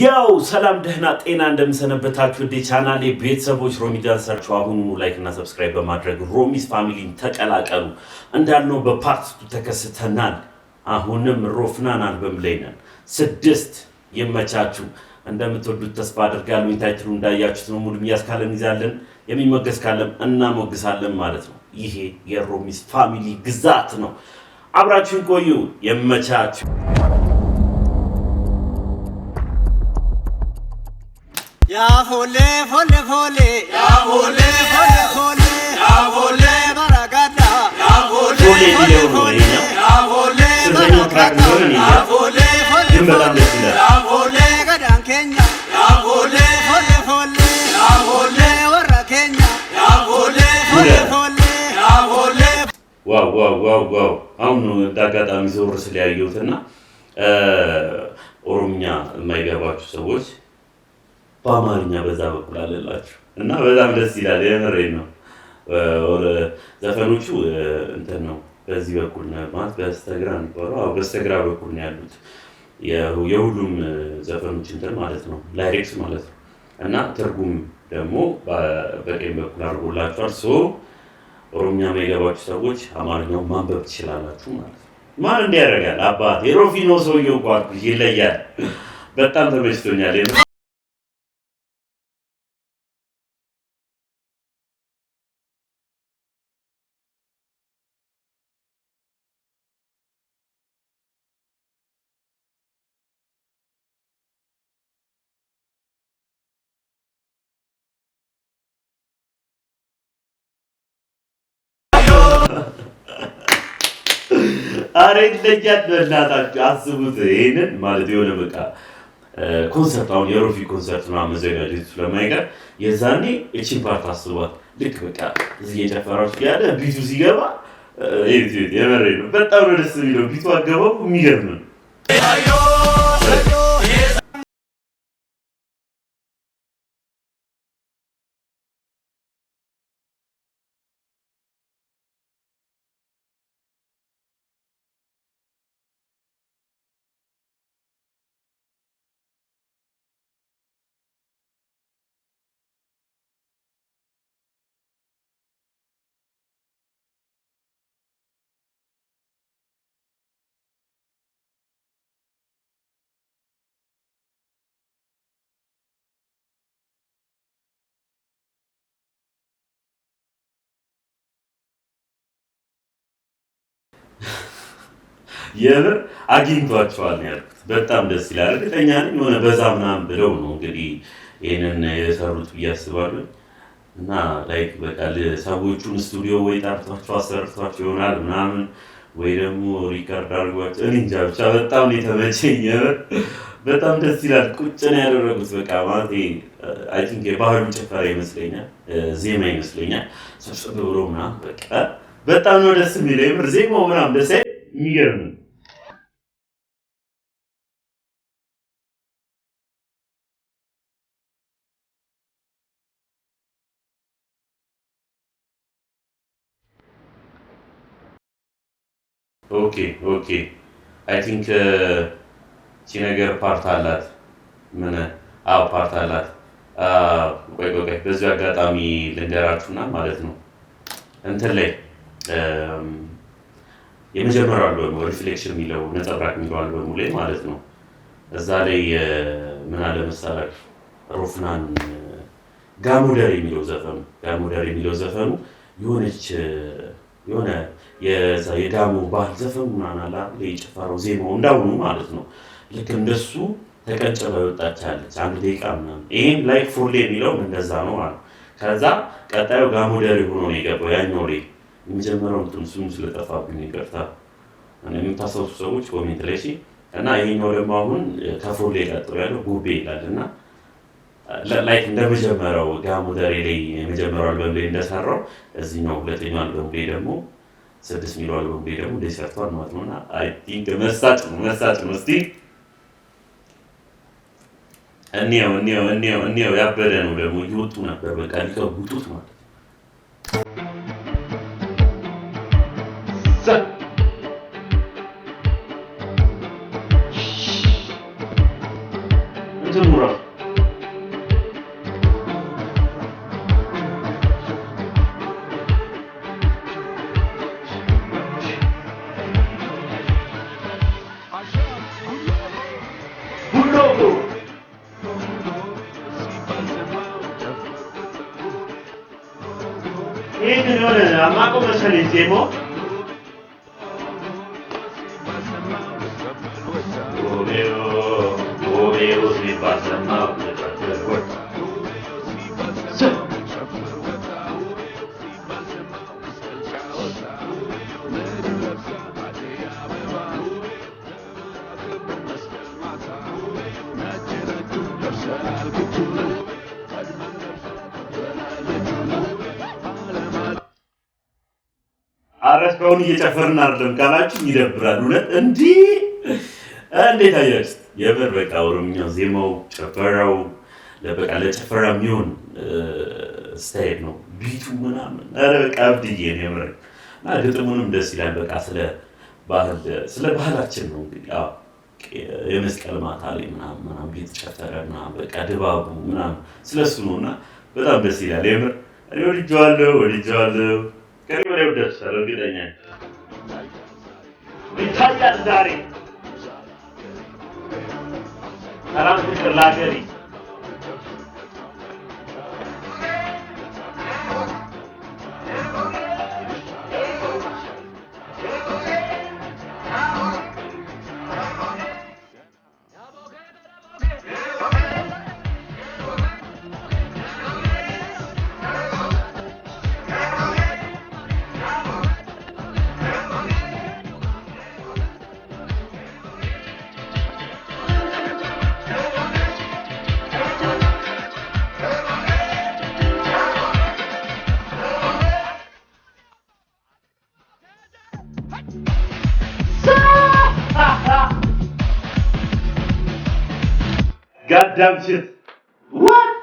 ያው ሰላም ደህና ጤና እንደምሰነበታችሁ እንዴ ቻናሌ ቤተሰቦች ሮሚ ዳንሳችሁ አሁኑኑ ላይክ እና ሰብስክራይብ በማድረግ ሮሚስ ፋሚሊን ተቀላቀሉ። እንዳልነው በፓርት ተከስተናል። አሁንም ሮፍናናል አልበም ስድስት ይመቻችሁ። እንደምትወዱት ተስፋ አድርጋለሁ። ታይትሉ እንዳያችሁት ነው። ሙሉ እያስካለን ይዛለን፣ የሚሞገስ ካለም እናሞግሳለን ማለት ነው። ይሄ የሮሚስ ፋሚሊ ግዛት ነው። አብራችሁን ቆዩ። ይመቻችሁ። ፎሌ ፎሌ ፎሌ ያ ፎሌ ፎሌ ፎሌ ያ ፎሌ በረጋዳ ያ ፎሌ ዋው ዋው ዋው ዋው አሁን ስለያየሁትና ኦሮምኛ የማይገባችሁ ሰዎች በአማርኛ በዛ በኩል አለላችሁ እና በጣም ደስ ይላል። የምሬን ነው። ዘፈኖቹ እንትን ነው በዚህ በኩል ማለት በስተግራ የሚባለው በስተግራ በኩል ነው ያሉት የሁሉም ዘፈኖች እንትን ማለት ነው ላይሬክስ ማለት ነው እና ትርጉም ደግሞ በቀኝ በኩል አድርጎላችኋል። ሶ ኦሮምኛ የገባችሁ ሰዎች አማርኛው ማንበብ ትችላላችሁ ማለት ነው። ማን እንዲያደርጋል አባት የሮፊኖ ሰውየው ጓድ ይለያል። በጣም ተመችቶኛል። አሬ ይለያል። በእናታችሁ አስቡት ይህንን ማለት የሆነ በቃ ኮንሰርት አሁን የሮፊ ኮንሰርት ምናምን መዘጋጀቱ ስለማይቀር የዛኔ እቺን ፓርት አስቧት። ልክ በቃ እዚህ የጨፈራች ያለ ቢቱ ሲገባ የበሬ ነው። በጣም ነው ደስ የሚለው ቢቱ አገባቡ የሚገርም ነው። የብር አግኝቷቸዋል ነው ያልኩት በጣም ደስ ይላል። እርግጠኛ ነኝ የሆነ በዛ ምናምን ብለው ነው እንግዲህ ይህንን የሰሩት ብዬ አስባለሁ። እና ላይክ በቃ ሰዎቹን ስቱዲዮ ወይ ጠርቷቸው አሰርቷቸው ይሆናል ምናምን ወይ ደግሞ ሪከርድ አድርጓቸው እኔ እንጃ ብቻ በጣም ነው የተመቸኝ። በጣም ደስ ይላል። ቁጭ ነው ያደረጉት። በቃ ማለት አይ ቲንክ የባህሉ ጭፈራ ይመስለኛል፣ ዜማ ይመስለኛል። ሰብሰብ ብሎ ምናምን በቃ በጣም ነው ደስ የሚለው። የምር ዜማው ምናምን ደስ የሚገርም ኦኬ ኦኬ አይ ቲንክ ቺ ነገር ፓርት አላት። ምን? አዎ ፓርት አላት። ቆይ ቆይ ቆይ በዚሁ አጋጣሚ ልንገራችሁና ማለት ነው እንትን ላይ የመጀመሪያው አልበሙ ሪፍሌክሽን የሚለው ነጸብራቅ የሚለው አልበሙ ላይ ማለት ነው እዛ ላይ ምን አለ መሰላችሁ ሮፍናን ጋሞደር የሚለው ዘፈኑ ጋሞደር የሚለው ዘፈኑ የሆነች የሆነ የዳሞ ባህል ዘፈን ምናምን አለ የጭፈራው ዜማው እንዳሁኑ ማለት ነው። ልክ እንደሱ ተቀንጭባ የወጣች ያለች አንድ ደቂቃ ምናምን። ይህም ላይክ ፎርሌ የሚለውም እንደዛ ነው ማለት ከዛ ቀጣዩ ጋሞ ደሬ ሆኖ ነው የገባው። ያኛው ላይ የመጀመሪያው እንትን ስሙ ስለጠፋብኝ ይቅርታ የምታሰሱ ሰዎች ኮሜንት ላይ እና ይህኛው ደግሞ አሁን ከፎርሌ ቀጥሎ ያለው ጉቤ ይላል እና ላይክ እንደመጀመረው ጋሞ ደሬ ላይ የመጀመሪያው አልበም ላይ እንደሰራው እዚህኛው ሁለተኛው አልበም ላይ ደግሞ ስድስት ሚሊዮን አልበም ላይ ደግሞ እንደ ሰርቷል ማለት ነው። እና አይ ቲንክ መሳጭ ነው መሳጭ ነው። እስቲ እኒያው እኒያው እኒያው እኒያው ያበደ ነው ደግሞ እየወጡ ነበር በቃ ሊከቡጡት ማለት ነው። nosotros elegimos እስካሁን እየጨፈርን አይደለም ካላችሁ ይደብራል። እውነት እንዲህ እንዴት አያችሁት? የምር በቃ ኦሮምኛ ዜማው ጨፈራው ለበቃ ለጨፈራ የሚሆን ስታይል ነው። ቢቱ ምናምን ኧረ በቃ አብድዬ ነው የምር እና ግጥሙንም ደስ ይላል። በቃ ስለ ባህል ስለ ባህላችን ነው እንግዲህ የመስቀል ማታ ላይ ምናምን የተጨፈረ ምናምን በቃ ድባቡ ምናምን ስለሱ ነው እና በጣም ደስ ይላል የምር እኔ ወድጀዋለሁ ወድጀዋለሁ። ከገበሬው ደርሳል። እርግጠኛ ይታያል ዛሬ ሰላም ፍቅር ለሀገሪ አዳምሽት ዋት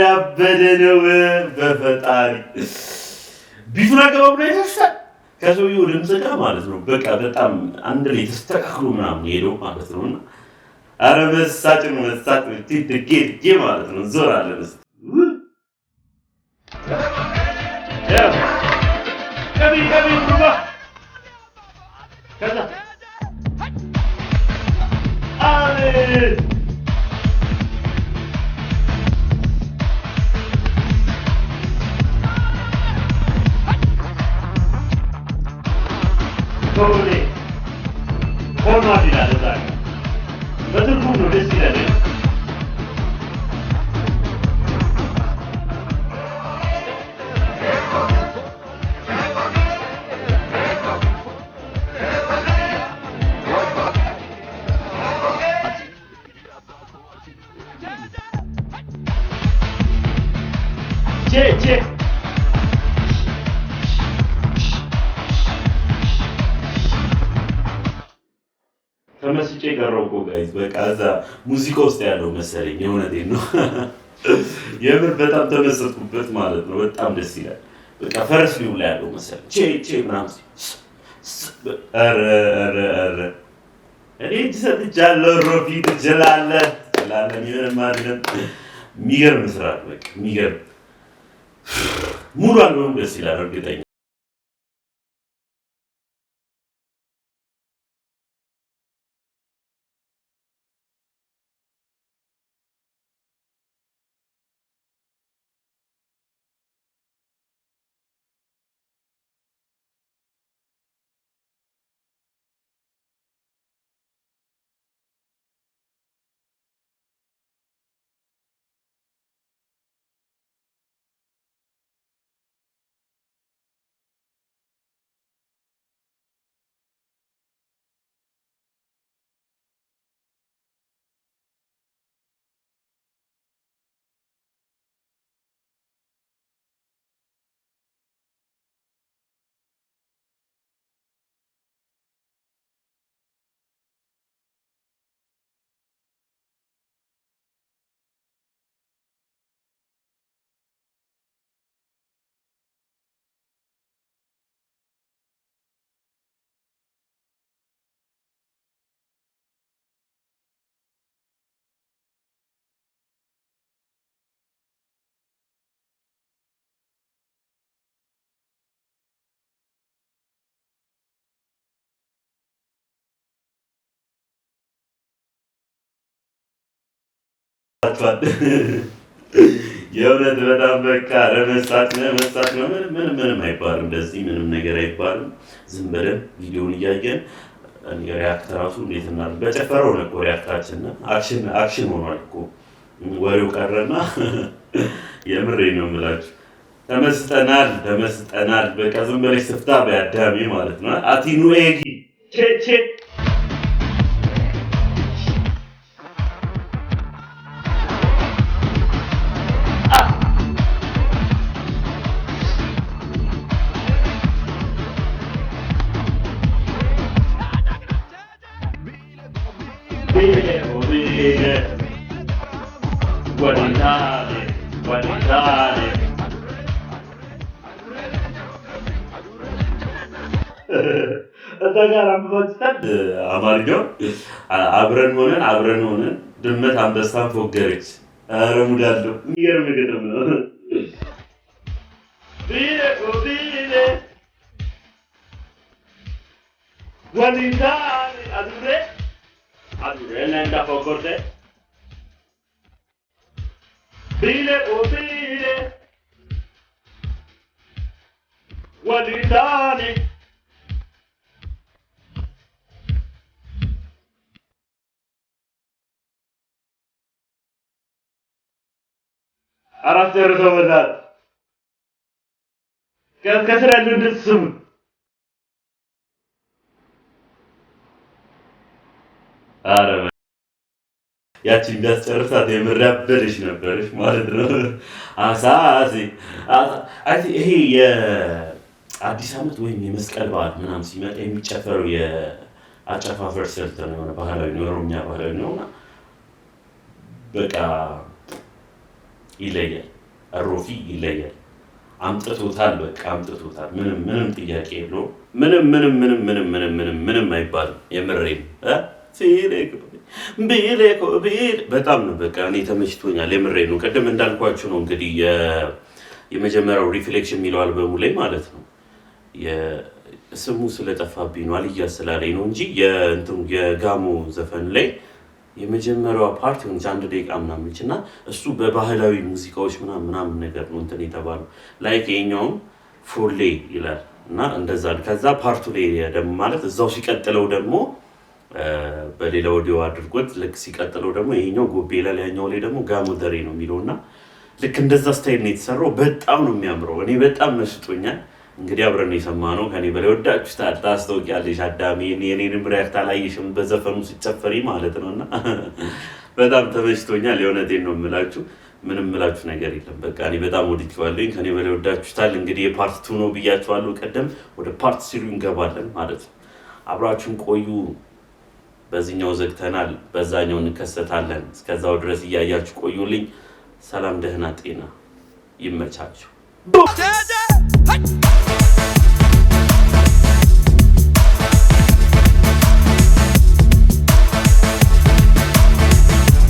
ረበደ ነው በፈጣሪ ቢቱ ነገር ብሎ ይፈሳል። ከሰውየው ድምፅ ጋር ማለት ነው። በቃ በጣም አንድ ላይ ተስተካክሎ ምናምን ሄደው ማለት ነው። እና አረ መሳጭን መሳጭ ድጌ ድጌ ማለት ነው። ዞር አለ መስ ከዛ የቀረው እኮ ጋይዝ በቃ እዛ ሙዚቃ ውስጥ ያለው መሰለኝ። የእውነቴን ነው የምር በጣም ተመሰጥኩበት ማለት ነው። በጣም ደስ ይላል። በቃ ፈረስ ሊሆን ላይ ያለው መሰለኝ ቼ ቼ ምናምን እኔ እጅ ሰጥቻለሁ። ሮፊ ትችላለህ ትችላለህ። የሚሆንም አይደለም የሚገርም ስራ በቃ የሚገርም ሙሉ አልበሙ ደስ ይላል እርግጠኛ ታችኋል። የእውነት በጣም በቃ ለመሳት ለመሳት ነው። ምንም ምንም ምንም አይባልም። እንደዚህ ምንም ነገር አይባልም። ዝም ብለን ቪዲዮን እያየን ሪያክት ራሱ እንዴት እና በጨፈረው ነው እኮ ሪያክታችን አክሽን አክሽን ሆኗል እኮ ወሬው ቀረና፣ የምሬ ነው የምላችሁ። ተመስጠናል ተመስጠናል። በቃ ዝም ብለሽ ስፍታ በያዳሜ ማለት ነው አቲኑ ጊ አንስተን አማርኛው አብረን ሆነን አብረን ሆነን ድመት አንበሳን ፎገረች። ኧረ ሙድ አለው። የሚገርም ግጥም ነው። ወሊዳኔ አራት ደርሰውበታል። ከስር ያለው ድምፅ ስሙ። አረ ያቺን ቢያስጨርሳት የምራበለች ነበረች ማለት ነው። አሳሲ አይ ይሄ የአዲስ ዓመት ወይም የመስቀል በዓል ምናምን ሲመጣ የሚጨፈረው የአጨፋፈር ስልት ነው። የሆነ ባህላዊ ነው፣ ኦሮምኛ ባህላዊ ነው። በቃ ይለያል። አሮፊ ይለያል። አምጥቶታል። በቃ አምጥቶታል። ምንም ምንም ጥያቄ የለውም። ምንም ምንም ምንም ምንም ምንም ምንም ምንም አይባልም። የምሬም በጣም ነው በቃ እኔ ተመችቶኛል። የምሬ ነው። ቅድም እንዳልኳችሁ ነው እንግዲህ የመጀመሪያው ሪፍሌክሽን የሚለው አልበሙ ላይ ማለት ነው ስሙ ስለጠፋብኝ ነው አልያ ስላለኝ ነው እንጂ የጋሞ ዘፈን ላይ የመጀመሪያዋ ፓርት ሆን አንድ ደቂቃ ምናምን እና እሱ በባህላዊ ሙዚቃዎች ምናምን ምናምን ነገር ነው እንትን የተባለው ላይክ የኛውም ፎሌ ይላል እና እንደዛ ከዛ ፓርቱ ላይ ደግሞ ማለት እዛው ሲቀጥለው ደግሞ በሌላ ወዲዮ አድርጎት ልክ ሲቀጥለው ደግሞ ይሄኛው ጎቤ ይላል፣ ያኛው ላይ ደግሞ ጋሞደሬ ነው የሚለው እና ልክ እንደዛ ስታይል ነው የተሰራው። በጣም ነው የሚያምረው። እኔ በጣም መስጦኛል እንግዲህ አብረን የሰማ ነው። ከኔ በላይ ወዳችሁ ታስታውቂያለሽ አዳሜ፣ የኔንም ሪያክት አላየሽም በዘፈኑ ስጨፈሪ ማለት ነው። እና በጣም ተመችቶኛል። የእውነቴን ነው የምላችሁ። ምንም ምላችሁ ነገር የለም። በቃ እኔ በጣም ወድጄዋለሁ። ከኔ በላይ ወዳችሁታል። እንግዲህ የፓርት ቱ ነው ብያችኋለሁ ቀደም። ወደ ፓርት ሲሉ እንገባለን ማለት ነው። አብራችሁን ቆዩ። በዚህኛው ዘግተናል፣ በዛኛው እንከሰታለን። እስከዛው ድረስ እያያችሁ ቆዩልኝ። ሰላም፣ ደህና፣ ጤና ይመቻችሁ።